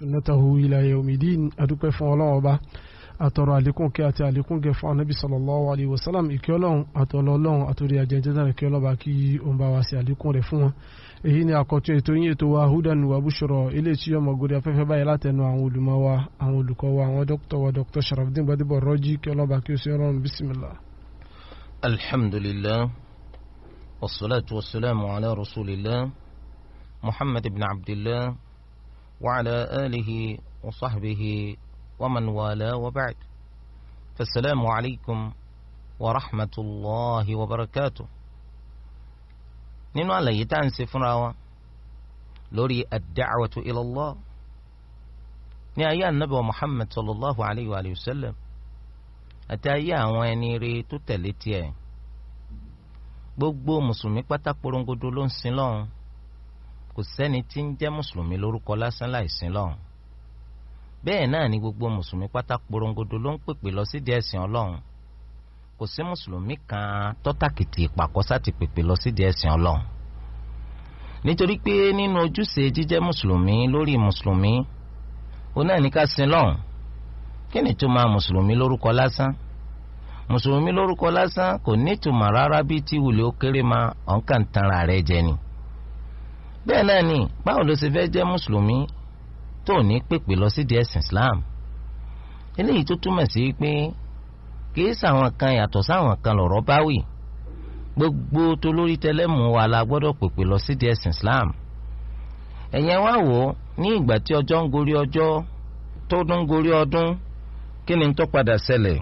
sunnatahu ila yawmidin adúpẹ́ fún ọlọ́run ọba àtọ̀rọ̀ àlékún kẹ́ àti àlékún gẹ̀ fún anábì sallallahu alayhi wa sallam ìkẹ́ ọlọ́run àtọ̀lọ́ ọlọ́run àtòrí àjẹjẹta ìkẹ́ ọlọ́ba kí ó ń bá wa sí àlékún rẹ̀ fún wọn. èyí ni àkọ́tún ètò yín ètò wa hudan wa bushra ilé tí yọmọ gòdì afẹ́fẹ́ báyìí látẹnu àwọn olùmọ̀ wa àwọn olùkọ́ wa àwọn dókítà wa dókítà Sharafdin Gbadebo Rọ́jí kí ọlọ́ba kí ó sí ọlọ́run bismillah. alhamdulillah wassalatu wassalamu ala rasulillah muhammad ibn abdillah وعلى آله وصحبه ومن والاه وبعد فالسلام عليكم ورحمة الله وبركاته ننوى اللي يتانسي فراوة لوري الدعوة إلى الله نعيا النبي محمد صلى الله عليه وآله وسلم أتايا وينيري تتلتيا بوكبو مسلمي قطاق برونغو دولون kò sẹ́ni tí ń jẹ́ mùsùlùmí lórúkọ lásán láìsí lọ́hùn bẹ́ẹ̀ náà ni gbogbo mùsùlùmí pátá porongodo ló ń pèpè lọ sídìí ẹ̀sìn ọlọ́run kò sí mùsùlùmí kan tọ́tàkìtì ìpàkọ́sá ti pèpè lọ sídìí ẹ̀sìn ọlọ́run nítorí pé nínú ojúṣe jíjẹ́ mùsùlùmí lórí mùsùlùmí ó náà ní ká sin lọ́hùn kí ni tó máa mùsùlùmí lórúkọ lásán mùsùlùmí lórúkọ lásán kò ní ìtumọ̀ rárá bíi tí wùlé ó kéré ma ọ̀nkà ń jẹ ni bẹ́ẹ̀ náà ni báwo ló ṣe fẹ́ jẹ́ mùsùlùmí tó ní pèpè lọ sí díẹ̀ sìn Islam eléyìí tó túmọ̀ sí pé kìí sàwọn kan yàtọ̀ sáwọn kan lọ̀rọ̀ báwì gbogbo tó lórí tẹlẹ́mù wa la gbọ́dọ̀ pèpè lọ sí díẹ̀ sìn Islam ẹ̀yẹn wá wò ó ní ìgbà tí ọjọ́ ń gorí ọjọ́ tó dún ń gorí ọdún kí ni tó padà ṣẹlẹ̀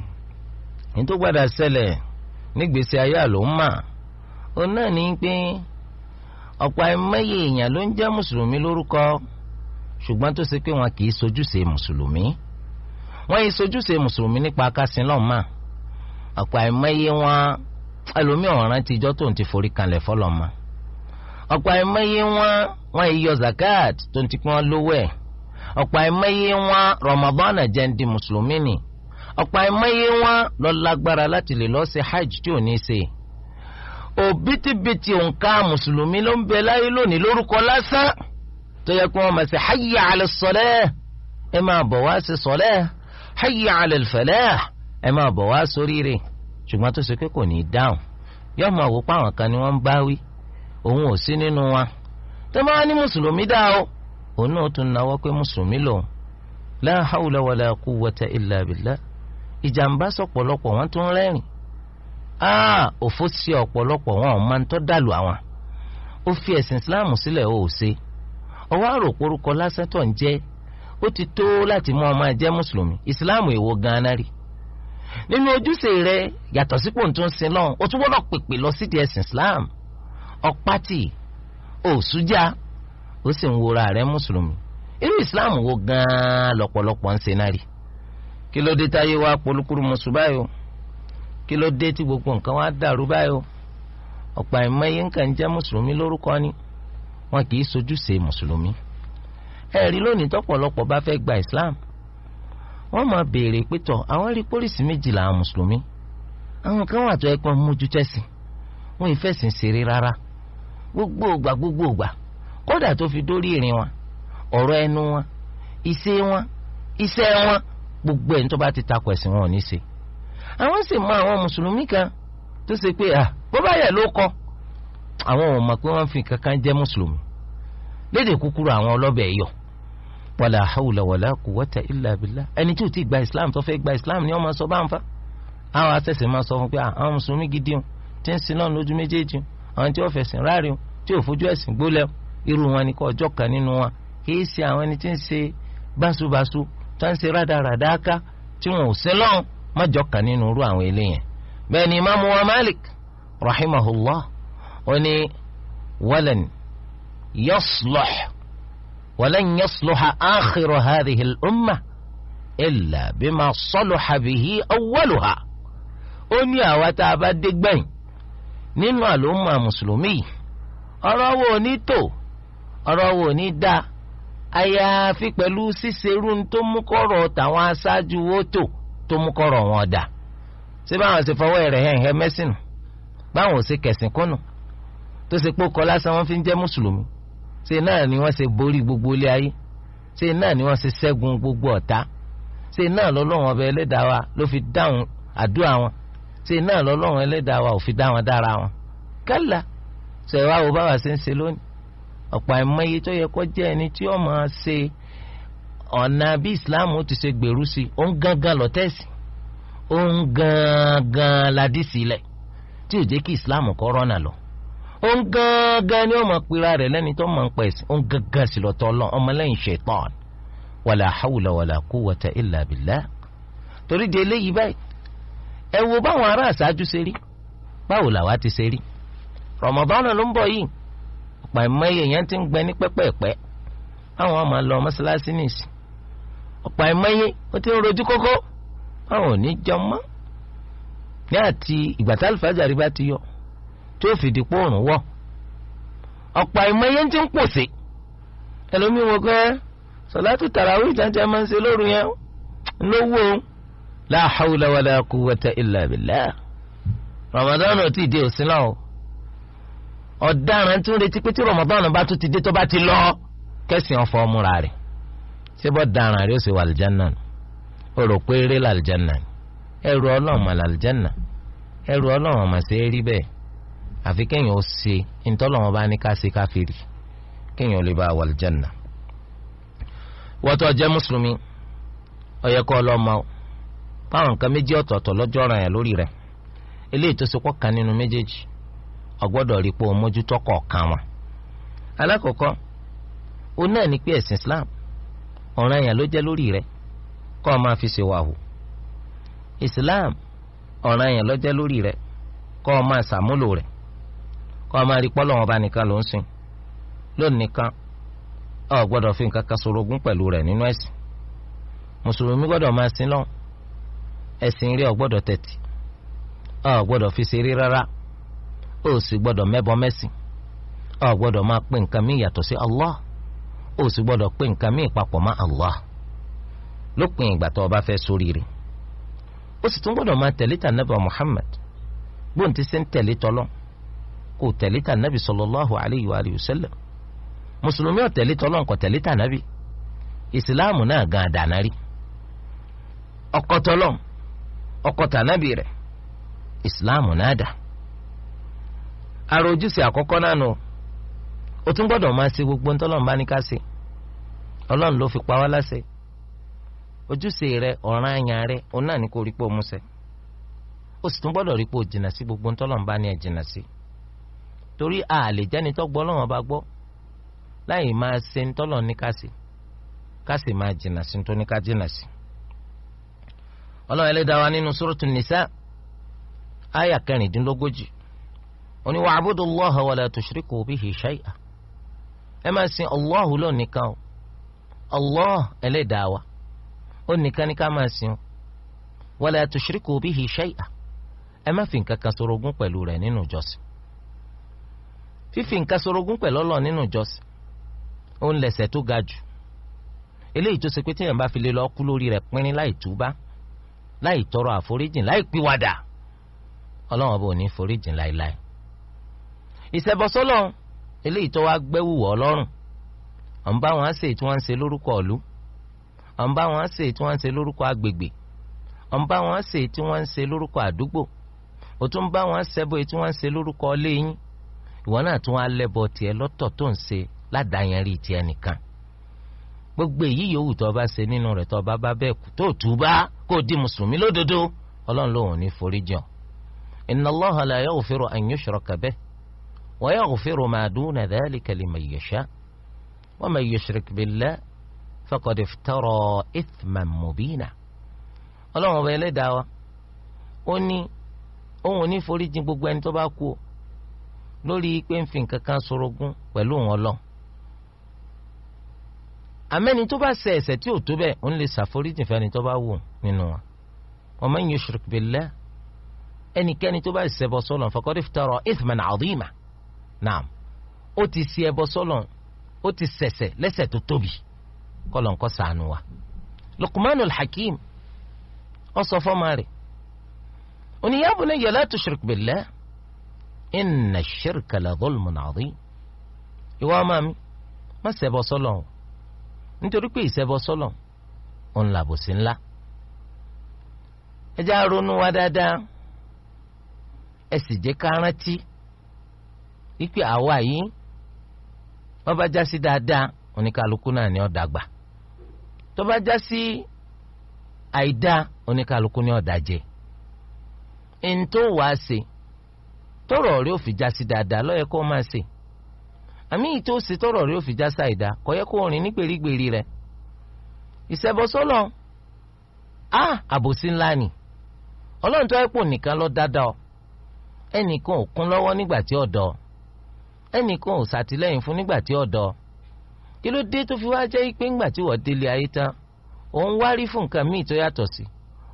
ní tó padà ṣẹlẹ̀ nígbèsè ayé àlòmà òun náà ní pé ọ̀pọ̀ àìmọye èèyàn ló ń jẹ́ mùsùlùmí lórúkọ ṣùgbọ́n tó ṣe pé wọn kì í sojúṣe mùsùlùmí wọ́n yìí sojúṣe mùsùlùmí nípa akásìn lọ́mà ọ̀pọ̀ àìmọye wọn ẹlòmíì ọ̀ràn tijọ́ tó ń ti forí kanlẹ̀ fọlọ́mà ọ̀pọ̀ àìmọye wọn wọn yìí yọ zakat tó ń ti pọ́n lówó ẹ̀ ọ̀pọ̀ àìmọye wọn rọmọbọ́nà jẹ́ ń di mùsùlùmí ni ọ̀pọ̀ àìmọye wọn lọ lágbára láti lè lọ́ọ́ ṣe hajj tí ò ní í ṣe òbítíbitì òǹkà mùsùlùmí ló ń bẹ láyé lónìí lórúkọ lásán tó yẹ kó wọn máa ṣe hayya ala salah ẹ máa bọ̀ wá ṣe salah hayya ala falah ẹ máa bọ̀ wá sóríire ṣùgbọ́n tó ṣe pé kò ní í dáhùn yóò máa wò páwọn kan ni wọ́n ń bá wí òun ò sí nínú wa tó máa ní mùsùlùmí dá o òun náà tún náwó pé mùsùlùmí lòun la hawla wala quwwata illa ìjàmbá sọ̀pọ̀lọpọ̀ wọ́n tún rẹ́rìn òfò sí ọ̀pọ̀lọpọ̀ wọn ò máa ń tọ́ dàlù àwọn ó fi ẹ̀sìn islam sílẹ̀ ó ṣe ọwọ́ àròporúkọ lásán tó ń jẹ́ ó ti tó láti mú ọmọ ẹ̀jẹ̀ mùsùlùmí islam èwo gan-an rí nínú ojúṣe rẹ yàtọ̀ sípò tó ń sin náà ó tún gbọ́dọ̀ pèpè lọ sídìí ẹ̀sìn islam ọ̀pátì òṣùjà ó sì ń wora rẹ mùsùlùmí irú islam wo gan-an lọ́pọ̀lọpọ̀ ń ṣe náà rí kí ló dé táyé wá polúkúrú mùsùlùmí báyìí kí ló dé tí gbogbo nǹkan wá dàrú báyìí o ọ̀pọ̀ àìmọye nǹkan ń jẹ́ mùsùlùmí lórúkọ ni wọn kì í sojú ṣe mùsùlùmí ẹ̀rí lónìí tọ́pọ̀lọpọ̀ bá fẹ́ gba Islam wọ́n máa béèrè pétọ̀ àwọn rí pólísì méjì làwọn mùsùlùmí àwọn kan wà tó ẹ pọn mójú tẹ̀sìn wọn ìfẹ̀sìn ṣeré rárá gbogbo ògbà gbogbo ògbà kódà tó fi dórí ìrìn wọn ọ̀rọ̀ ẹnu wọn ìṣe wọn iṣẹ́ wọn gbogbo ẹ̀ ní tó bá ti takò ẹ̀sìn wọn ò ní ṣe àwọn sì mọ àwọn mùsùlùmí kan tó ṣe pé à ah, bó bá yẹ ló kọ àwọn ò mọ̀ pé wọ́n fi kankan jẹ́ mùsùlùmí léde kúkúrú àwọn ọlọ́bẹ̀ yọ wàlà hawla wàlà quwwata illa billah ẹni tí ò ti gba islam tó fẹ́ gba islam ni wọ́n máa sọ bá ń fa àwọn asẹ̀sẹ̀ máa sọ fún pé ah, àwọn mùsùlùmí gidi o tí ń sin náà lójú méjèèjì àwọn tí wọ́n fẹ̀sìn ráre o tí ò fojú ẹ̀sìn gbólẹ̀ irú wọn ni kọ́ ọjọ́ kan nínú wọn kìí ṣe àwọn ẹni tí ń ṣe báṣubàṣu tó ń ṣe rádaràdáká tí wọn ò sẹ́lọ́n mọ́jọ kan nínú irú àwọn eléyẹn bẹ́ẹ̀ ni imaamu wa malik rahimahullah ó ní walan yasluh walan yasluha akhiru hadhihi al-umma illa bima saluha bihi awwaluha ó ní àwa tá a bá dé gbẹ̀yìn nínú àlòmọ́ mùsùlùmí ọ̀rọ̀ wo ní tò ọ̀rọ̀ wo ní dá àyàfi pẹ̀lú ṣíṣerú tó mú kọ́rọ̀ tàwọn aṣáájú ó tò tó mú kọ̀rọ̀ wọn dà ṣé báwọn ṣe fọwọ́ rẹ̀ hẹ́n hẹ́ mẹ́sìn báwọn ò ṣe kẹ̀sìn kúnnù tó ṣe pé kọ́ lásán wọn fi ń jẹ́ mùsùlùmí ṣe náà ni wọ́n ṣe borí gbogbo ilé ayé ṣe náà ni wọ́n ṣe ṣẹ́gun gbogbo ọ̀tá ṣe náà lọ́lọ́wọ́n ọba ẹlẹ́dàá wa ló fi dáhùn àdúrà wọn ṣe náà lọ́lọ́wọ́n ẹlẹ́dàá wa ò fi dáhùn dára wọn kálá ṣẹ̀wá báwa ṣe ń ṣe lónìí ọ̀pọ̀ àìmọye tó yẹ kó jẹ́ ẹni tí ó máa ṣe ọ̀nà bí islam ó ti ṣe gbèrú sí i òun gangan lọ́tẹ̀sì òun gangan ladísílẹ̀ tí ò jẹ́ kí islam kọ́ rọ́nà lọ òun gangan ni ó mọ̀ pera rẹ̀ lẹ́ni tó mọ̀ ń pẹ̀ sí òun gangan sì lọ́tọ̀ lọ ọmọlẹ́yìn ṣẹ̀tàn wàlà hàwùlà wàlà quwwata illa billah torí di eléyìí báyìí ẹ wo báwọn ará àṣáájú ṣe rí báwo làwa ti ṣe rí ló ń ti gbẹ ọmọ lọ ọ̀pọ̀ àìmọye ó ti ń rojú kókó àwọn ò ní jẹun mọ́ ní àti ìgbà tí àlùfáàjàrí bá ti yọ tí ó fìdí pòrùn wọ̀ ọ̀pọ̀ àìmọye ti ń pòsè ẹlòmíì wọ pé sọ̀látù tàràwí ìjànjẹ máa ń ṣe lóru yẹn lówó la hawla wala quwwata illa Ramadan ò dé òsín náà o ọ̀daràn tún retí pé tí Ramadan bá tún ti dé tó bá ti lọ kẹ́sìn ọ̀fọ̀ ọmúra rẹ̀ Sebo bọ́ daran rẹ ó sì wà alijanna, nù ó rò pé eré làlìjánà ni ẹrù ọlọ́run mà làlìjánà ẹrù ọlọ́run mà ṣe é rí bẹ́ẹ̀ àfi kéèyàn ó ṣe ntọ́lọ́wọ́n bá ní ká ṣe káfíìrì kéèyàn ó lè bá wà àlìjánà. wọ́tọ̀ jẹ́ mùsùlùmí ọ̀yẹ́kọ́ ọlọ́mọ báwọn nǹkan méjì ọ̀tọ̀ọ̀tọ̀ lọ́jọ́ ọ̀ràn yẹn lórí rẹ̀ eléyìí tó ṣe pọ́kàn nínú méjèèjì ọgbọ́dọ̀ rí pé o mójútó kọ̀ọ̀kan wọn. alákọ̀ọ́kọ́ òun náà ní pé ẹ̀sìn Islam ọ̀rọ̀ yẹn ló jẹ́ lórí rẹ kọ́ ọ máa fi islam ọ̀rọ̀ yẹn ló jẹ́ lórí rẹ kọ́ ọ máa ṣàmúlò rẹ kọ́ ọ máa rí pọ́lọ́ ọba nìkan ló ń sìn lónìkan ọ gbọ́dọ̀ fi nǹkan kan sorogún pẹ̀lú rẹ nínú ẹ̀sìn mùsùlùmí gbọ́dọ̀ máa sin lọ ẹ̀sìn rí ọ gbọ́dọ̀ tẹ̀tì ọ gbọ́dọ̀ fi ṣeré rárá ó sì gbọ́dọ̀ mẹ́bọ mẹ́sìn o sì gbọ́dọ̀ pé nǹkan míì papọ̀ mọ́ Allah lópin ìgbà tó o bá fẹ́ sóríire ó sì tún gbọ́dọ̀ máa tẹ̀lé tà nàbà Muhammad bóun ti ṣe ń tẹ̀lé tọ́lọ́ kò tẹ̀lé tà nàbì sallallahu alayhi wa alihi wa sallam mùsùlùmí ò tẹ̀lé tọ́lọ́ kò tẹ̀lé tà ìsìláàmù náà gan àdànà rí ọkọ tọ́lọ́ ọkọ rẹ̀ ìsìláàmù náà dà àkọ́kọ́ ó tún gbọ́dọ̀ ọlọ́run ló fi pa wá láṣẹ ojúṣe rẹ ọ̀ràn àyàn rẹ òun náà ní kó rí pé o múṣẹ ó sì tún gbọ́dọ̀ rí pé o jìnnà sí gbogbo ntọ́lọ́run bá ní ẹ̀ jìnnà sí torí a jẹ́ni tó gbọ́ bá gbọ́ láì máa ṣe ntọ́lọ́run ní kásì kásì máa jìnnà sí tó ní ká jìnnà sí. ọlọ́run ẹlẹ́dàá wa nínú sóròtù nìsá àyà kẹrìndínlógójì ó ní wa'budullaha wa la tushriku bihi shay'a ẹ máa sin Allahu lónìí kan o allah ẹlẹ́dàá wa ó nìkan ní ká máa sìn wala i ṣe shay'a ẹ má fi nǹkan kan sorogún pẹ̀lú rẹ̀ nínú ìjọsìn fífi nǹkan sorogún pẹ̀lú ọlọ́ọ̀ nínú ìjọsìn ó ń lẹ̀sẹ̀ tó ga jù eléyìí tó ṣe fi lè kú lórí rẹ̀ pínrín láì túbá láì tọrọ àforíjìn láì à ń bá wọn ṣe tí wọ́n ń ṣe lórúkọ ìlú à ń bá wọn ṣe tí wọ́n ń ṣe lórúkọ agbègbè à ń bá wọn ṣe tí wọ́n ń ṣe lórúkọ àdúgbò ó tún bá wọn ṣẹbọ tí wọ́n ń ṣe lórúkọ ilé yín ìwọ náà tún wá lẹ́bọ tiẹ̀ lọ́tọ̀ tó ń ṣe ládàáyanrí tiẹ̀ nìkan gbogbo èyí yòówù tó bá ṣe nínú rẹ̀ tó bá bá bẹ́ẹ̀ kú tó tù bá kó di mùsùlùmí lódodo ọlọ́run lòun ní forí jìn inna Allaha la yaghfiru an yushraka bihi wa yaghfiru ma duna dhalika liman yasha' wa man yushrik billah faqad iftara ithman mubina ọlọ́run ọba ẹlẹ́dàá wa ó ní òun ò ní foríjìn gbogbo ẹni tó bá kú o lórí pé ń fi nǹkan kan sorogún pẹ̀lú òun ọlọ́run àmẹ́ni tó bá ṣe ẹ̀ṣẹ̀ tí ò tó bẹ́ẹ̀ òun lè ṣàforíjìn fẹ́ni tó bá wù nínú wa wa man yushrik billah ẹnikẹ́ni tó bá ṣẹbọ sọ́lọ̀ faqad iftara ithman adhima naam ó ti ṣe ẹbọ sọ́lọ̀ ó ti ṣẹ̀ṣẹ̀ lẹ́ṣẹ̀ tó tóbi kọlọ̀ ńkọ́ sànù wa Luqmanul Hakim ó sọ fọ́mọ rẹ̀ ó ní ya bunayya la tushrik billah inna ash-shirka la dhulmun adhim ìwọ ọmọ mi má ṣẹbọ sọ́lọ̀ o nítorí pé ìṣẹbọ sọ́lọ̀ ò ń làbòsí ńlá ẹ jẹ́ wa dáadáa ẹ sì jẹ́ ká rántí wípé àwa yìí wọ́n bá já sí dáadáa oníkálukú náà ni ó dàgbà tó bá já sí àìdá oníkálukú ni dàjẹ́ wàá se tọrọ rẹ ò fi já sí dáadáa yẹ kó máa se. àmì ìtò ṣe tọrọ rẹ ò fi já àìdá yẹ kó rìn ní gbèrígbèrí rẹ a àbòsí ńlá ni ọlọ́run tó ẹ̀ pò nìkan dáadáa ẹnìkan ò kún ẹnìkan ò ṣàtìlẹ́yìn fún nígbà tí ọ̀dọ́ kí ló dé tó fi wá jẹ́ pé ńgbà tí wọ́n délé ayé tán òun wárí fún nǹkan míì tó yàtọ̀ sí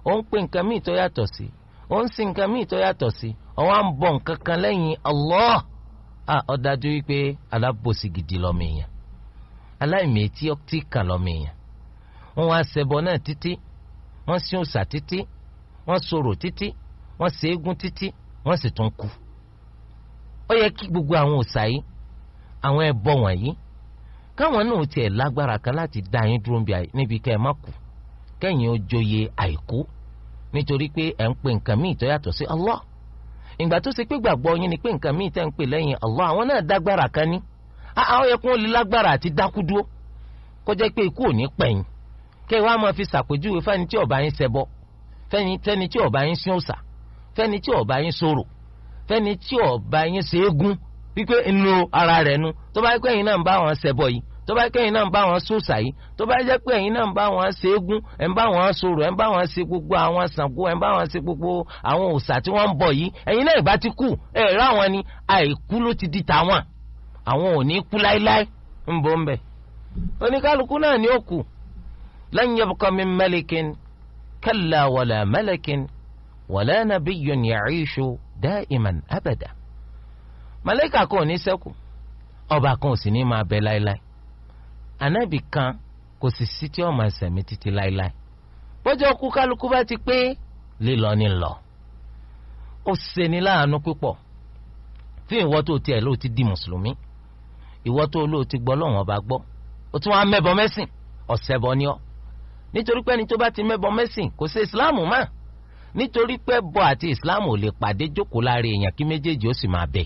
òun pe nǹkan míì tó yàtọ̀ sí òun sin nǹkan míì tó yàtọ̀ sí òun á ń bọ nǹkan kan lẹ́yìn Allah à wípé alábòsí gidi lọ́mọ èèyàn aláìmẹ̀tí ọtí kan lọ́mọ èèyàn wọ́n wá ṣẹbọ náà títí wọ́n sin òòṣà títí wọ́n sorò títí wọ́n ṣe eégún títí wọ́n sì tún kú ó yẹ kí gbogbo àwọn òòṣà yìí àwọn ẹbọ wọ̀nyí káwọn náà tiẹ̀ lágbára kan láti dá yín dúró níbi kẹ́ ẹ má kú kẹ́yìn ó joyè àìkú nítorí pé ẹ̀ ń pè nǹkan míì tó yàtọ̀ sí Allah ìgbà tó ṣe pé gbàgbọ́ yín ni pé nǹkan míì tẹ́ ń pè lẹ́yìn Allah àwọn náà dágbára kan ní àwọn yẹ kó lè lágbára àti dákú dúró kó jẹ́ pé ikú ò ní pẹ̀yìn kẹ́ ẹ wá máa fi ṣàpèjúwe fẹ́ni tí ọba yín ṣẹbọ fẹ́ni tí ọba yín sin fẹ́ni tí ọba yín ṣe é gún wípé inú ara rẹ̀ nu tó bá pẹ́ yín náà ń bá wọn ṣẹbọ yìí tó bá pẹ́ yín náà ń bá wọn sòsà yìí tó bá jẹ́ pé yín náà ń bá wọn ṣe é gún ẹ̀ ń bá wọn sòrò ẹ̀ ń bá wọn ṣe gbogbo àwọn Ṣàngó ẹ̀ ń bá wọn ṣe gbogbo àwọn òòṣà tí wọ́n ń bọ̀ yìí ẹ̀yin náà ìbá ti kú ẹ̀ ráwọn ni àìkú ló ti di tàwọn àwọn ò ní kú láéláé ń bọ̀ ń oníkálukú náà ni ó kù lan daiman abada màláíkà kan ò ní ṣẹ́kù ọba kan ò sì ní máa bẹ láéláé ànábì kan kò sì sí tí ó máa ṣẹ̀mí títí láéláé bọ́jọ́ kú kálukú bá ti pé lílọ ni lọ ó ṣeni láàánú púpọ̀ fún ìwọ tó tiẹ̀ ló ti di mùsùlùmí ìwọ tó ló ti gbọ́ lọ́wọ́n ọba gbọ́ ó tún wá mẹ́bọ mẹ́sìn ọ̀sẹ̀ bọ ni ọ́ nítorí pé ẹni tó bá ti mẹ́bọ mẹ́sìn kò ṣe ìsìláàmù máa nítorí pé bọ àti islam ò lè pàdé jókòó lára èèyàn kí méjèèjì ó sì máa bẹ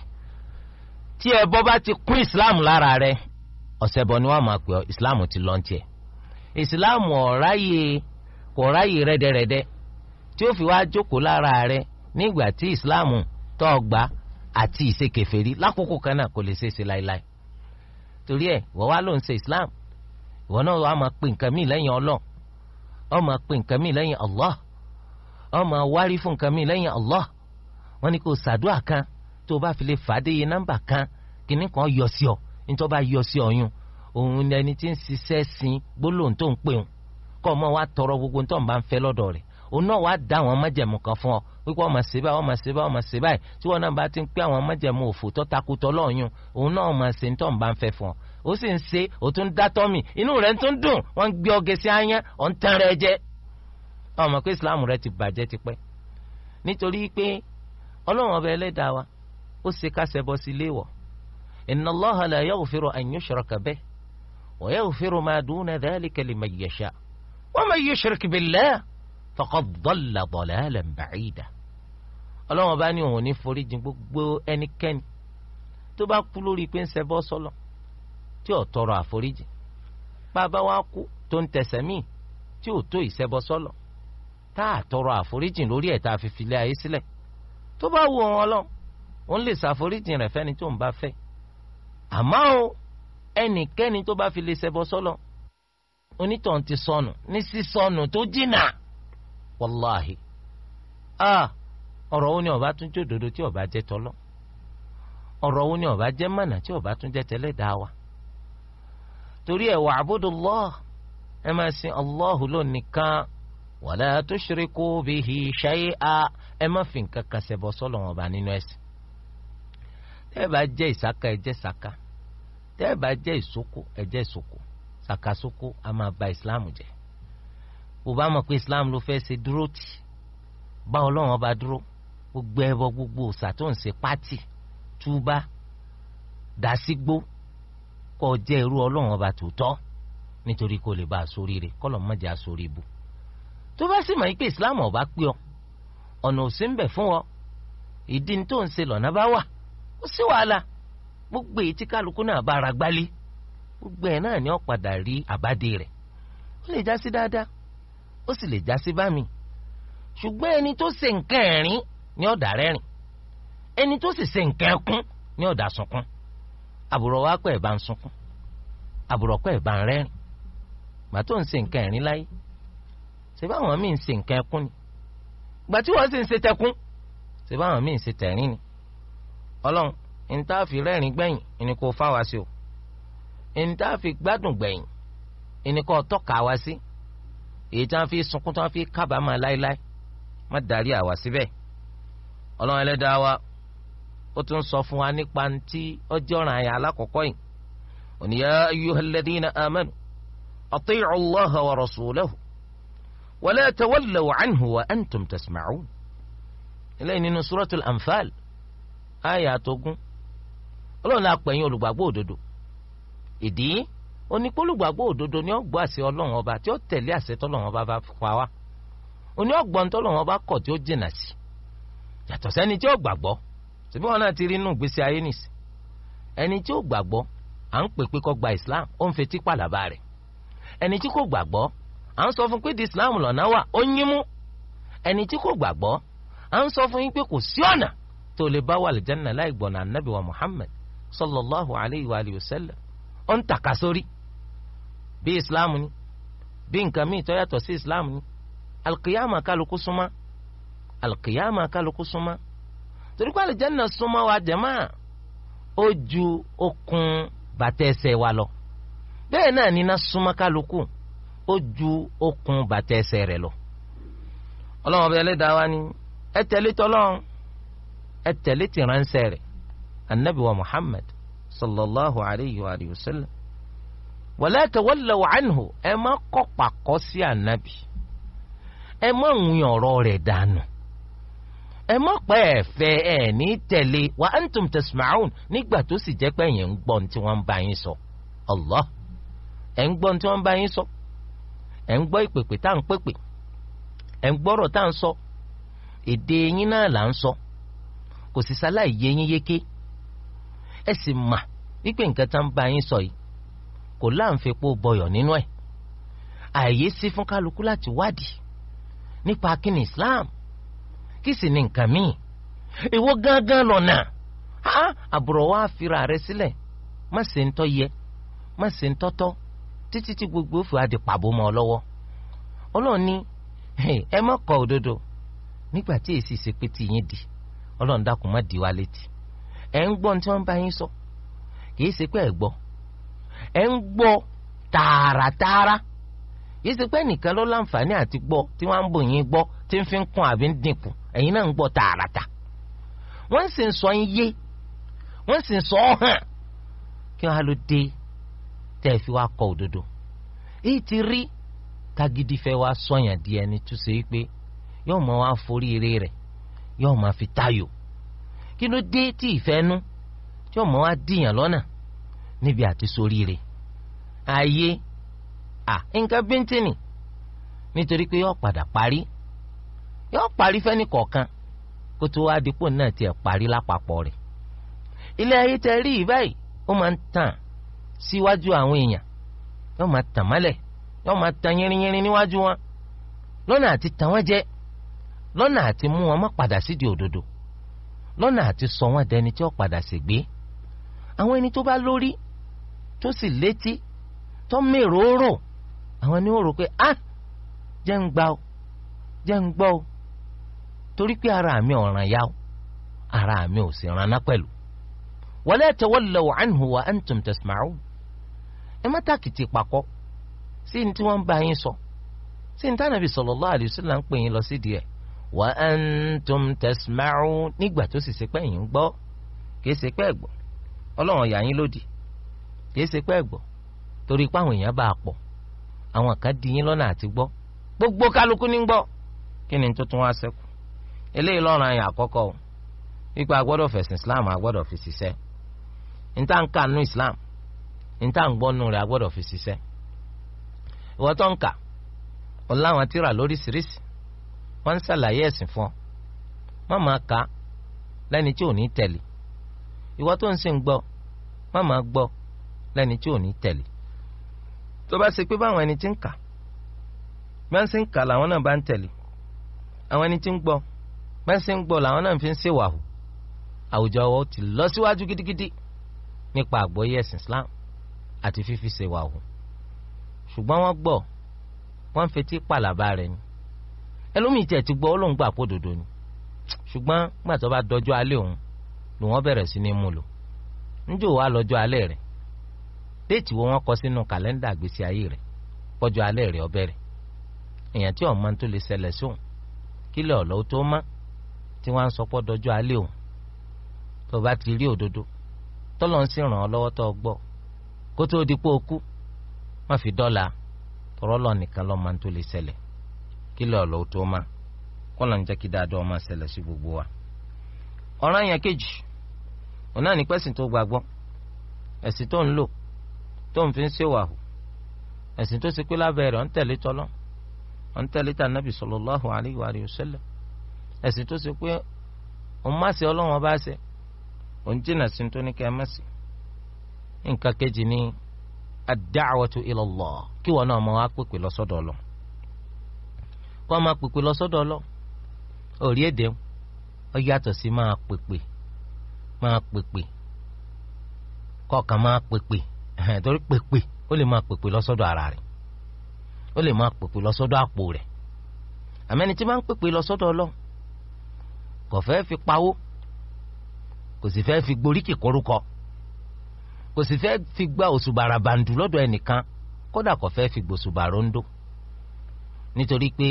tí ẹbọ bá ti kún islam lára rẹ ọ̀sẹ̀bọ ni wọ́n máa pè ọ́ islam ti lọ́n tiẹ̀ islam ọ̀ráyè kò ráyè tí ó fi wá jókòó lára rẹ nígbà tí islam tó gbà àti ìṣekèfèrí lákòókò kan náà kò lè ṣe é ṣe láéláé torí ẹ ìwọ wá ló ń ṣe islam ìwọ náà wàá máa pè nǹkan míì lẹ́yìn ọlọ́ọ̀ ọ máa pè nǹkan míì lẹ́yìn allah ọ máa wárí fún nǹkan mi lẹ́yìn Allah wọ́n ní kò sàdúà kan tó o bá fi lè fàdéye nọ́mbà kan kìnnì kan yọ sí ọ nítorí bá yọ sí ọyún òun ni ẹni tí ń ṣiṣẹ́ sin gbólóhùn tó ń pè wọn kọ́ ọmọ wa tọrọ gbogbo tó ń bá ń fẹ́ lọ́dọ̀ rẹ̀ òun náà wàá dá àwọn májẹ̀mú kan fún ọ wípé ọmọ ṣe ọmọ ṣe ọmọ ṣe báyìí tí wọn náà bá ti ń pé àwọn májẹ̀mú òfò tó takutọ lọ́ọ̀yún òun náà ọmọ ṣe ń tọ́ bá ń fẹ́ fún ọ ó sì ń ṣe ó tún dá inú rẹ̀ tún dùn wọ́n ń gbé ọgẹ ayán ọ̀ ń tan jẹ́ àwọn ọmọ pé islam rẹ ti bàjẹ́ tipẹ́ nítorí pé ọlọ́run ọba ẹlẹ́dàá wa ó ṣe kásẹ̀ bọ́ sí léèwọ̀ inna Allaha la yaghfiru an yushraka bihi wa yaghfiru ma duna dhalika liman yasha wa man yushrik billahi faqad dalla dalalan ba'ida ọlọ́run ọba ní òun ní foríjì gbogbo ẹnikẹ́ni tó bá kú lórí pé ń ṣẹbọ sọ́lọ̀ tí ò tọrọ àforíjì bá kú tó ń tẹ̀sẹ̀ míì tí ò tó ìṣẹbọ tá a tọrọ àforíjìn lórí ẹ̀ tá a fi filẹ̀ ayé sílẹ̀ tó bá wù wọn lọ òun lè ṣàforíjìn rẹ̀ fẹ́ni tó ń bá fẹ́ àmọ́ o ẹnikẹ́ni tó bá fi lè ṣẹbọ sọ́lọ̀ onítọ̀hún ti sọnù ní sísọnù tó jìnnà wàláhì ọ̀rọ̀ wo ni ọba tún jẹ́ òdodo tí ọba jẹ tọlọ. ọ̀rọ̀ wo ni ọba jẹ mọ̀nà tí ọba tún jẹ́ tẹ́lẹ̀ dá wa torí ẹ̀ wa'budullah ẹ máa sin Allah lónìí kan. wala tushriku bihi shay'a ẹ má fi nǹkan kan ṣẹbọ sọ́lọ̀ wọn bá nínú ẹ̀sìn. tẹ́ẹ̀ bá jẹ́ ìsáká ẹ saka sáká tẹ́ẹ̀ bá jẹ́ ìsókó ẹ jẹ́ ìsókó sàkàsókó a máa ba islam jẹ́ kò bá mọ̀ pé islam ló fẹ́ ṣe dúró tì bá ọlọ́run ọba dúró gbogbo ẹbọ gbogbo òòṣà tó ń ṣe pátì túbá dàsígbó kọ́ jẹ́ irú ọlọ́run ọba tòótọ́ nítorí kò lè bá a sóríire kọ́lọ̀ tó bá sì mọ̀ pé islam ọba pé ọ ọ̀nà ò sí ń bẹ̀ fún ọ ìdí tó ń ṣe lọ́nà bá wà ó sì wàhálà gbogbo èyí tí kálukú náà bá ara gbálé gbogbo ẹ̀ náà ni ó padà rí àbádé rẹ̀ ó lè já sí dáadáa ó sì lè já sí bá mi ṣùgbọ́n ẹni tó ṣe nǹkan ẹ̀rín ni ó dá rẹ́rìn ẹni tó sì ṣe nǹkan ẹkún ni ó dá sunkún àbùrọ̀ wa pẹ̀ bá ń sunkún àbùrọ̀ pẹ̀ bá ń rẹ́rìn màá tó ń ṣe nǹkan ẹ̀rín láyé ṣèbá àwọn míì ń ṣe nǹkan ẹkún ni ìgbà tí wọ́n sì ń ṣe tẹkún ṣèbá àwọn míì ń ṣe tẹ̀rín ni ọlọ́run ìntàfi rẹ́rìn gbẹ̀yìn ìní kò fà wá sí o ìntàfi gbádùn gbẹ̀yìn ìní kò tọ́ka wá sí èyí tí wọ́n fi sunkún tí wọ́n fi kábàámà láéláé má darí àwa síbẹ̀ ọlọ́run ẹlẹ́dàá wa ó tún sọ fún wa nípa ntí ọjọ́ ràn yà yìí òní yá ayyuhalladhina amanu ati'u Allaha wa wala tawallaw anhu wa antum tasma'un eléyìí الأنفال suratul anfal àyà àtọ́gún ọlọ́run la pẹ̀yìn olùgbàgbọ́ òdodo ìdí onípolùgbàgbọ́ òdodo ni ó gbọ́ àṣẹ ọlọ́run ọba tí ó tẹ̀lé àṣẹ tọ́lọ́run ọba bá pa wá oní ọgbọ́n tọ́lọ́run ọba kọ̀ tí ó jìnà sí yàtọ̀ sẹ́ni tí ó gbàgbọ́ síbí wọn náà ti rí inú ìgbésí ayé nìsí ẹni tí ó gbàgbọ́ à ń pè pé gba Islam ó ń fetí pàlàbà rẹ̀ ẹni tí kò gbàgbọ́ à ń sọ fún pé di islam lọ́nà wà ó yín mú ẹni tí kò gbàgbọ́ à ń sọ fún yín pé kò sí ọ̀nà tó lè bá wà lẹ́jẹ̀nà láì gbọ̀nà ànábì wa muhammed sallallahu alayhi wa alihi wa sallam ó ń tàka sórí bí islam ni bí nǹkan míì tó yàtọ̀ sí islam ni alqiyama kálukú súnmọ́ alqiyama kálukú súnmọ́ torí pé àlùjẹ́nà súnmọ́ wa jẹ̀mọ́ ó ju okùn bàtẹ́sẹ̀ wa lọ bẹ́ẹ̀ náà níná súnmọ́ kálukú ó ju okùn bàtà ẹsẹ̀ rẹ̀ lọ ọlọ́run ọba ẹlẹ́dàá wa ni ẹ tẹ̀lé tọ́lọ́run ẹ tẹ̀lé tìránṣẹ́ rẹ̀ anabi wa muhammad sallallahu alayhi wa sallam wala tawallaw anhu ẹ má kọ́ pàkọ́ sí anabi ẹ má ń ọ̀rọ̀ rẹ̀ dànù ẹ má pẹ́ ẹ fẹ́ ẹ ní tẹ̀lé wa antum tasma'un nígbà tó sì jẹ́ pé ẹ̀yin ń gbọ́ tí wọ́n ń bá yín sọ Allah ẹ̀ ń gbọ́ tí wọ́n ń bá yín sọ. So ẹ̀ ń gbọ́ ìpèpè tá à ń pèpè ẹ̀ ń gbọ́rọ̀ tá à ń sọ èdè yín náà là ń sọ kò sì sáláì yé yín yéké ẹ sì mà wípé nǹkan tá ń bá yín sọ yìí kò Islam kí ni nǹkan míì ìwọ gángan lọ́nà àbùrọ̀ wa fira rẹ sílẹ̀ má ń tọ́ yẹ títí tí gbogbo fi adi pàbó mọ́ ọ lọ́wọ́ ọlọ́run ní ẹ má kọ òdodo nígbà tí èsì ṣe pé yín di ọlọ́run dákun má di wa létí ẹ ń gbọ́ ní tí wọ́n bá yín sọ kìí ṣe pé ẹ gbọ́ ẹ ń gbọ́ tààràtààrà kìí ṣe pé nìkan ló láǹfààní àti gbọ́ tí wọ́n ń bò yín gbọ́ tí ń fi ń kún àbí ń dínkù ẹ̀yin náà ń gbọ́ tààràtà wọ́n sì ń sọ yín yé wọ́n sì ń sọ ọ́ hàn kí wọ́n á lọ dé tẹ́ ẹ fi wá kọ òdodo èyí ti rí tagidi fẹ́ wá sọ̀yàn di ẹni tó ṣe pé yóò máa wá forí eré rẹ̀ yóò máa fi tayò kí ló dé tí ìfẹ́ nú tí yóò máa wá dìyàn lọ́nà níbi àti sórí rẹ̀ ayé à nǹkan bíntínì nítorí pé yóò padà parí yóò parí fẹ́ni kọ̀ọ̀kan kó tó wá dípò náà tiẹ̀ parí lápapọ̀ rẹ̀ ilé ayé tẹ rí yìí ó máa ń tàn síwájú àwọn èèyàn yóò máa tàn málẹ̀ yóò máa tan yínrínyínrín níwájú wọn lọ́nà àti tàn wọ́n jẹ lọ́nà àti mú wọn má padà sídìí òdodo lọ́nà àti sọ wọn dẹni tí ó padà ṣègbé àwọn ẹni tó bá lórí tó sì létí tó mèrò rò àwọn ni ó rò pé ah jẹ́ ń gbà o jẹ́ ń gbọ́ o torí pé ara mi ọ̀ràn yá o ara mi ò sì rànná pẹ̀lú wala tawallaw anhu wa antum tasma'un ẹ má tàkìtì pàkọ́ sí ní tí sọ sí ní tànàbí sallallahu alaihi wasallam ń pè yín lọ sídìí ẹ̀ wa antum tasma'un nígbà tó sì ṣe pé yín gbọ́ kì í ṣe pé ọlọ́run yà yín lódì kì í ṣe torí pé àwọn èèyàn bá a pọ̀ àwọn kan di yín lọ́nà àti gbogbo kálukú Islam agbọ́dọ̀ fi ṣiṣẹ́ níta ń Islam níta ń gbọ́nu rẹ̀ agbọ́dọ̀ fi ṣiṣẹ́ ìwọ́n tó ń kà ó láwọn tíra lóríṣiríṣi wọ́n ń ṣàlàyé ẹ̀sìn fún ọ má máa kà á lẹ́ni tí ò ní tẹ̀lé ìwọ́n tó ń sìn gbọ́ má máa gbọ́ lẹ́ni tí ò ní tẹ̀lé tó bá ṣe pé báwọn ẹni tí ń kà bá ń sìn kà làwọn náà bá ń tẹ̀lé àwọn ẹni tí ń gbọ́ bá ń sìn gbọ́ làwọn náà fi ń ṣèwàhù àwùjọ wọn ti lọ síwájú gidigidi nípa àgbọ́yé ẹ̀sìn Islam àti fífi ṣe wà hù ṣùgbọ́n wọ́n gbọ́ wọ́n ń fetí pàlàbà rẹ̀ ni ẹlòmíì tiẹ̀ ti gbọ́ ó lóun gbà pọ̀ ni ṣùgbọ́n nígbà tó bá dọjọ́ alẹ́ òun ni wọ́n bẹ̀rẹ̀ sí ní mú lò níjó wa lọ́jọ́ alẹ́ rẹ̀ déètì wo wọ́n kọ sínú kàlẹ́ndà àgbésí ayé rẹ̀ pọ́jọ́ alẹ́ rẹ̀ ó bẹ̀rẹ̀ èèyàn tí ọ̀mọ́ tó lè ṣẹlẹ̀ sóun kílẹ̀ ọ̀lọ́ tó má tí wọ́n á sọ pọ́ dọjọ́ alẹ́ òun tó bá ti rí òdodo tọ́lọ́ ń sì ràn ọ́ lọ́wọ́ tó gbọ́ kó tó di pé o kú má fi dọ́là tọ̀rọ̀ lọ nìkan lọ́ máa ń tó lè ṣẹlẹ̀ kí lọ́ọ̀ lọ́ọ́ tó máa kọ́lọ̀ ń jẹ́ kí dáadáa máa ṣẹlẹ̀ sí gbogbo wa. ọ̀ràn yẹn kejì òun náà ní pẹ́sìn tó gbàgbọ́ ẹ̀sìn tó ń lò tó ń fi ń ṣèwàhù ẹ̀sìn tó ṣe pé lábẹ́ rẹ̀ ń tẹ̀lé tọ́lọ́ ń tẹ̀lé tà nábì sallallahu alaihi wa sallam ẹ̀sìn tó ṣe pé òun má ṣe ọlọ́run ọba ṣe òun jìnnà sí nǹkan kejì ni ad-da'watu ila Allah kí wọn náà máa pèpè lọ́sọ́dọ̀ lọ kó máa pèpè lọ́sọ́dọ̀ òrí èdè ó yàtọ̀ sí máa pèpè máa pèpè kọ̀ọ̀kan máa pèpè torí pèpè ó lè máa pèpè lọ́sọ́dọ̀ ara rẹ̀ ó lè máa pèpè lọ́sọ́dọ̀ àpò rẹ̀ àmẹ́ni tí máa ń pèpè lọ́sọ́dọ̀ kò fẹ́ fi pawó kò sì fẹ́ fi gboríkì kórúkọ. kò sì fẹ́ fi gba òṣùbàrà bàǹdù lọ́dọ̀ ẹnìkan kódà kò fẹ́ fi gbòṣùbàrà ń dò nítorí pé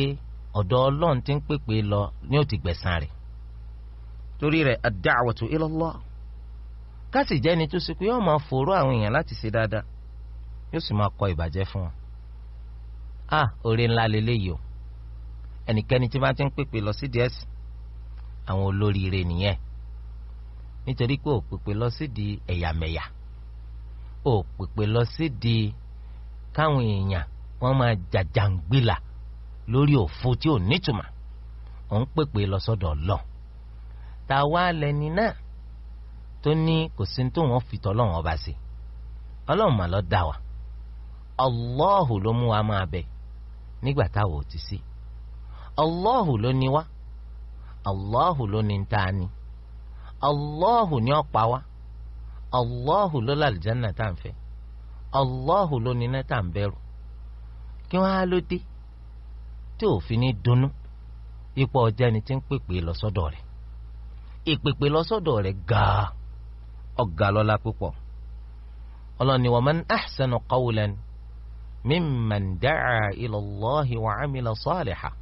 ọ̀dọ̀ ọlọ́run ti ń pèpè lọ ní ó ti gbẹ̀san rẹ̀ torí rẹ̀ ad-da'watu ila Allah ká sì jẹ́ni tó sì pé yóò máa fòró àwọn èèyàn láti ṣe dáadáa yóò sì máa kọ ìbàjẹ́ fún wọn. a oore ńlá leléyìí o ẹnikẹ́ni tí bá ti ń pèpè lọ sí díẹ̀ àwọn olóríire nìyẹn nítorí pé ò pèpè lọ sídìí ẹ̀yàmẹ̀yà. ò pèpè lọ sídìí káwọn èèyàn wọ́n máa jàjàngbìlà lórí òfo tí ò nítumọ̀ ò ń pèpè lọ sọ́dọ̀ lọ ta wá lẹni náà tó ní kò sí tó wọ́n fi tọlọ́run ọba sí Ọlọ́run mà ló dá wa Allahu ló mú wa máa bẹ nígbà táwọn ò ti sí Allahu ló ní wa Allahu ló ní ta ni Allahu ni ó pa allahu ló lálìjánà tá à ń fẹ́ allahu ló níná tá à ń bẹ̀rù kí wọ́n á ló dé tí òfin ní dunnú ipò ọjà ni ti ń pèpè lọ́sọ́dọ̀ rẹ̀ ìpèpè lọ́sọ́dọ̀ rẹ̀ gàá ọ̀gá lọ́la púpọ̀ ọlọ́ni wa man ahsanu qawlan mimman da'a ila Allahi wa amila salihan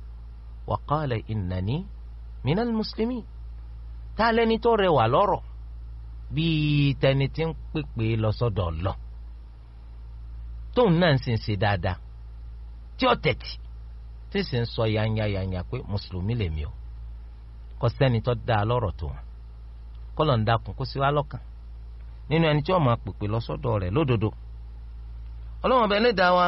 wa qala innani minal muslimin tá a lẹ́ni tó rẹwà lọ́rọ̀ bíi tẹni tí ń pèpè lọ sọ́dọ̀ lọ tóun náà ń sìn ṣe dáadáa tí ó tẹ̀tì tí sì ń sọ yanyayanya pé mùsùlùmí lèmi o kò sẹ́ni tó dáa lọ́rọ̀ tó wọn kọ́lọ̀ ń dákun kó sí wa lọ́kàn nínú ẹni tí ó máa pèpè lọ rẹ̀ lódodo ọlọ́wọ́n bẹ́ẹ̀ ní dáa wa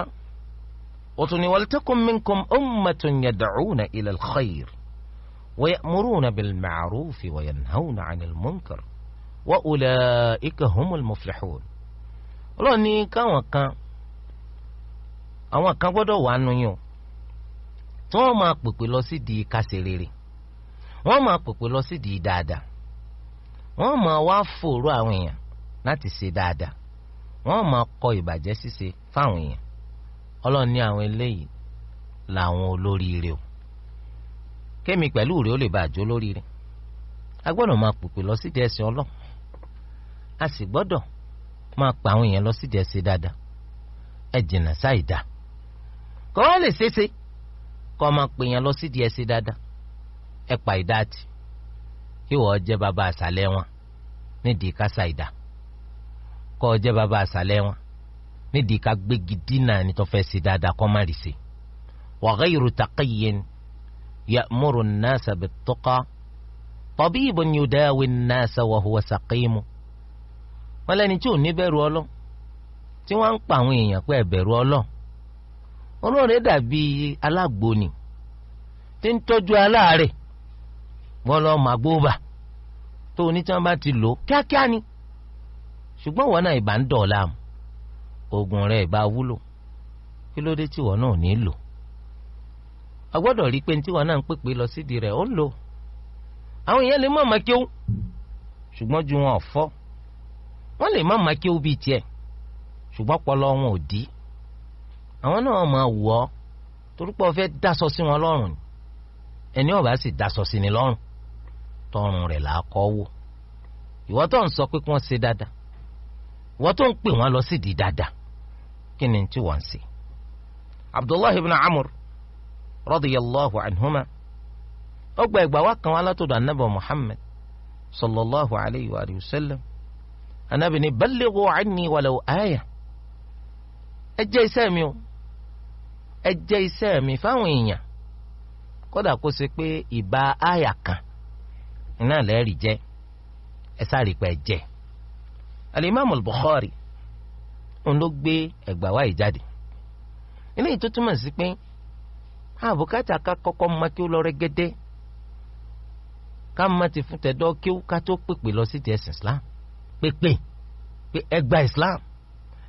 òtún ni waltakum minkum ummatun yad'una wa ulaika humul muflihun ọlọ́run ní káwọn kan àwọn kan gbọ́dọ̀ wà nù yín o tí wọ́n máa pèpè lọ sí di kásẹ̀ rere wọ́n máa pèpè lọ sí di dáadáa wọ́n máa wá fòrò àwọn èèyàn láti ṣe dáadáa wọ́n máa kọ ìbàjẹ́ ṣíṣe fáwọn èèyàn ọlọ́run ní àwọn eléyìí làwọn olóríire o kémi pẹ̀lú rẹ̀ ó lè bàjẹ́ olóríire a gbọ́dọ̀ máa pèpè lọ sí di ẹ̀sìn ọlọ́run a sì gbọ́dọ̀ máa pa àwọn èèyàn lọ sídìí ẹsẹ̀ dáadáa ẹ jìnnà sáì dá kọ́ wá lè ṣeéṣe kọ́ máa pè èèyàn lọ sídìí ẹsẹ̀ dáadáa ẹ pa ìdá tì kí wọ́n jẹ́ bàbá àṣàlẹ̀ wọn nídìí ká sáì dá kọ́ jẹ́ bàbá àṣàlẹ̀ wọn nídìí ká gbégi dínà ẹni tó fẹ́ ṣe dáadáa kọ́ má rí ṣe wa ghayru taqiyyin ya'muru an-nasa bit-taqa tabibun yudawi an-nasa wa huwa saqimu wọ́n lẹ́ni tí ò ní bẹ̀rù ọlọ́ tí wọ́n ń pa àwọn èèyàn pé ẹ̀bẹ̀rù ọlọ́ olóore dàbí alágbo ni tí ń tọ́jú aláàárẹ̀ wọ́n lọ màgbóbà tó ní tí wọ́n bá ti lò kíákíá ni ṣùgbọ́n wọn náà ìbá ń dọ̀ọ̀la mu oògùn rẹ̀ ìbá wúlò kí ló dé tí wọn náà ní lò a gbọ́dọ̀ rí i pé tí wọn náà ń pèpè lọ sídìí rẹ̀ ó ń lò àwọn èèyàn lè mọ̀ ọ́ mọ́ kí ó ṣùgbọ́n ju wọn ọ̀fọ́ wọ́n lè má máa kí ó bíi tiẹ̀ ṣùgbọ́n ọpọlọ wọn ò dí àwọn náà máa wọ̀ ọ́ torúpọ̀ fẹ́ dáṣọ sí wọn lọ́rùn ẹni ọ̀bá sì dáṣọ sí ni lọ́rùn tọrùn rẹ̀ là á kọ́ wò ìwọ tó ń sọ pé kí wọ́n ṣe dáadáa ìwọ tó ń pè wọ́n lọ sídìí dáadáa kí ni tí wọ́n ń ṣe. abdullahi ibn amur radiyallahu anhuma ó gba ẹgbàá wa kan wá látọ̀dọ̀ anabi muhammad sallallahu alayhi wa sallam anabi ni ballighu anni walau aya ẹ jẹ́ iṣẹ́ mi o ẹ jẹ́ iṣẹ́ mi fáwọn èèyàn kódà kó ṣe pé ìbá àyà kan iná lẹ́rìí jẹ́ ẹ sáré pẹ́ jẹ́ alimami al-Bukhari òun ló gbé ẹgbà wáyé jáde eléyìí tó túmọ̀ sí pé àbùkátà ká kọ́kọ́ mọ kí ó lọ rẹ́gẹ́dẹ́ ká má ti fún tẹ̀dọ́ kí ó ká tó pèpè lọ sí ti ẹ̀sìn Islam pépè pé ẹ gba islam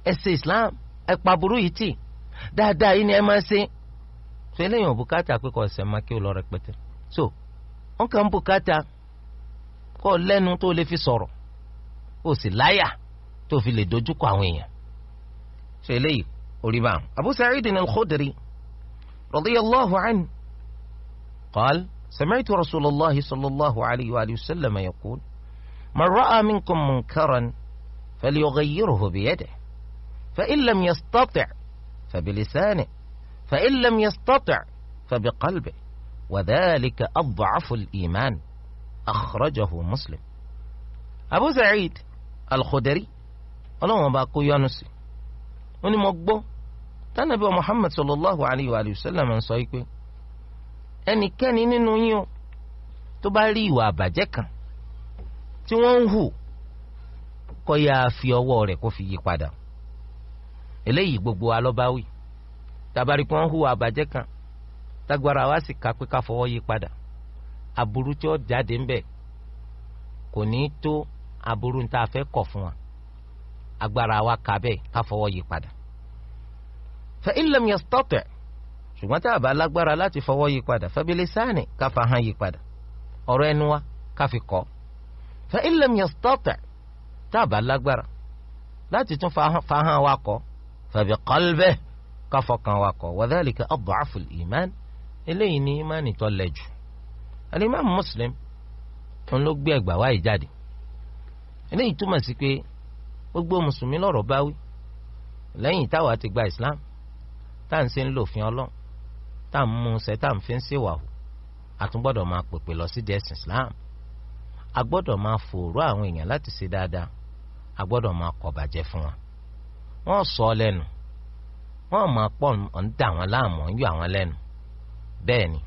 ẹ ṣe islam ẹ pa burú yìí tì dáadáa yìí ni ẹ máa ṣe so eléyìí bùkátà pé kò ṣe máa kí o lọ rẹpẹtẹ so wọn kàn bùkátà kò lẹ́nu tó lè fi sọ̀rọ̀ o sì láyà tó fi lè dojúkọ àwọn èèyàn so eléyìí orí bá Abu Sa'id al-Khudri radiyallahu anhu qala sami'tu rasulallahi sallallahu alayhi wa sallam yaqul. من رأى منكم منكرا فليغيره بيده فإن لم يستطع فبلسانه فإن لم يستطع فبقلبه وذلك أضعف الإيمان أخرجه مسلم أبو سعيد الخدري اللهم باقو يا نسي وني مقبو تنبي محمد صلى الله عليه وآله وسلم أن صيكو أني كان إنه نيو تبالي وابا جكا tí wọ́n ń hù kọ́ ya fi ọwọ́ rẹ̀ kó fi yí padà eléyìí gbogbo alọ́báwì tàbárí kí wọ́n hù àbàjẹ́ kan tágbára wa sì ká pé ká fọwọ́ yí padà aburú tí ó jáde ń bẹ̀ kò ní tó aburú tá a fẹ́ kọ̀ fún wa agbára wa kà bẹ́ẹ̀ ká fọwọ́ yí padà fa ilẹ̀ mi stọ́tẹ̀ ṣùgbọ́n tá a bá lágbára láti fọwọ́ yí padà fa bilisani ká fa hàn yí padà ọ̀rọ̀ ẹnu wa ká fi kọ́ ọ́ fa in lam yastati' tá a bá lágbára láti tún fahàn wa kọ fa bi qalbihi káfọkàn wa kọ wa dhalika ad'aful iman eléyìí ni imáni tó lẹ jù al-imam Muslim tún ló gbé ẹgbàá wáyé jáde eléyìí túmọ̀ sí pé gbogbo mùsùlùmí lọ́rọ̀ bá lẹ́yìn táwa ti gba Islam tá à ń ṣe ń lòfin Ọlọ́run tá à ń mú un tá à ń fi ń ṣèwà àtúngbọ́dọ̀ máa pèpè lọ sí dẹ́sìn Islam a gbọ́dọ̀ máa fòòró àwọn èèyàn láti ṣe dáadáa a gbọ́dọ̀ máa kọ̀ bàjẹ́ fún wọn. wọ́n sọ ọ lẹ́nu wọ́n máa pọ̀ ń dà wọ́n láàmú ń yọ àwọn lẹ́nu bẹ́ẹ̀ ni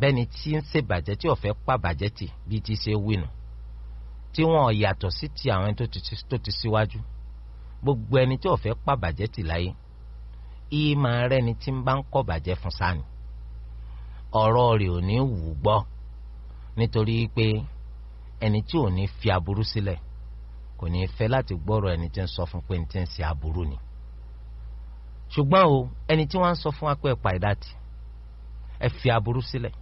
bẹ́ẹ̀ ni tí ń ṣe bàjẹ́ tí ọ̀fẹ́ pa bàjẹ́ tì bí ti ṣe wínú tí wọ́n yàtọ̀ sí ti àwọn tó ti síwájú gbogbo ẹni tí ọ̀fẹ́ pa bàjẹ́ tì láyé ìyí máa rẹ́ni tí ń bá ń kọ̀ bàjẹ́ fún sáni ọ̀rọ̀ rẹ̀ ò ní wù gbọ́ nítorí pé ẹni tí ò ní fi aburú sílẹ̀ kò ní fẹ́ láti gbọ́rọ̀ ẹni tí ń sọ fún pé ní tí ń ṣe aburú ni ṣùgbọ́n o ẹni tí wọ́n ń sọ fún wa pé ẹ pa ẹ̀dá tì ẹ fi aburú sílẹ̀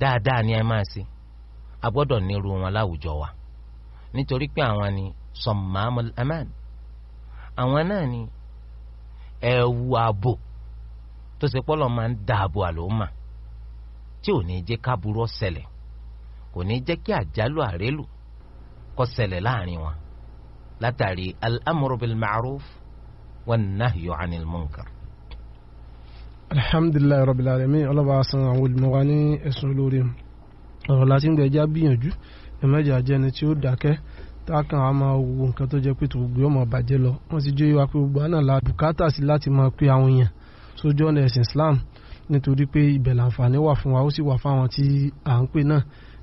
dáadáa ni ẹ máa ṣe a gbọ́dọ̀ nírú wọn láwùjọ wa nítorí pé àwọn ni sọmọ́mọ́ amán àwọn náà ni ẹ̀wù ààbò tó ṣe pọ́lọ́ máa ń dáàbò àlòmà tí ò ní jẹ́ káburú ọ̀sẹ̀lẹ̀ kò ní jẹ́ kí àjálù àrélù kó ṣẹlẹ̀ láàrin wọn látàrí al-amru bil ma'ruf wan nahyu anil munkar. alhamdulilayi rabbil alamin ọlọ́ba asan àwọn olùmọ̀wá ní ẹ̀sùn olórí ọ̀rọ̀ láti ń gbẹ̀já gbìyànjú ẹ̀mẹ́jọ àjẹni tí ó dákẹ́ táàkàn á máa wo nǹkan tó jẹ́ pé tó gbé ọmọ bàjẹ́ lọ wọ́n ti jẹ́ ìwà pé gbogbo àná la bùkátà sí láti máa pe àwọn èèyàn sójú ọ̀nà ẹ̀sìn Islam nítorí pé ibẹ̀ làǹfààní wà fún wa ó sì wà fáwọn tí à ń pè náà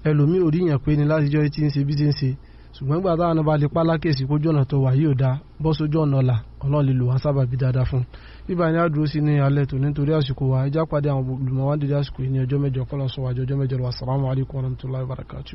ẹlòmíì ò ríyàn pé ni láti jọ́ tí ń ṣe bí ti ń ṣe ṣùgbọ́n nígbà táwọn náà bá lè pa lákèsí kójú ọ̀nà tó wà yóò dá bọ́ sójú ọ̀nà ọ̀la ọlọ́run lè lò wá sábà bí dáadáa fún un bíbá ni àdúró sí ní alẹ́ tó nítorí àsìkò wa ẹjá pàdé àwọn olùmọ̀wádìí àsìkò yìí ní ọjọ́ mẹ́jọ kọ́lọ́sọ̀wájú ọjọ́ mẹ́jọ lọ́wọ́ assalamu alaikum warahmatullahi wabarakatuh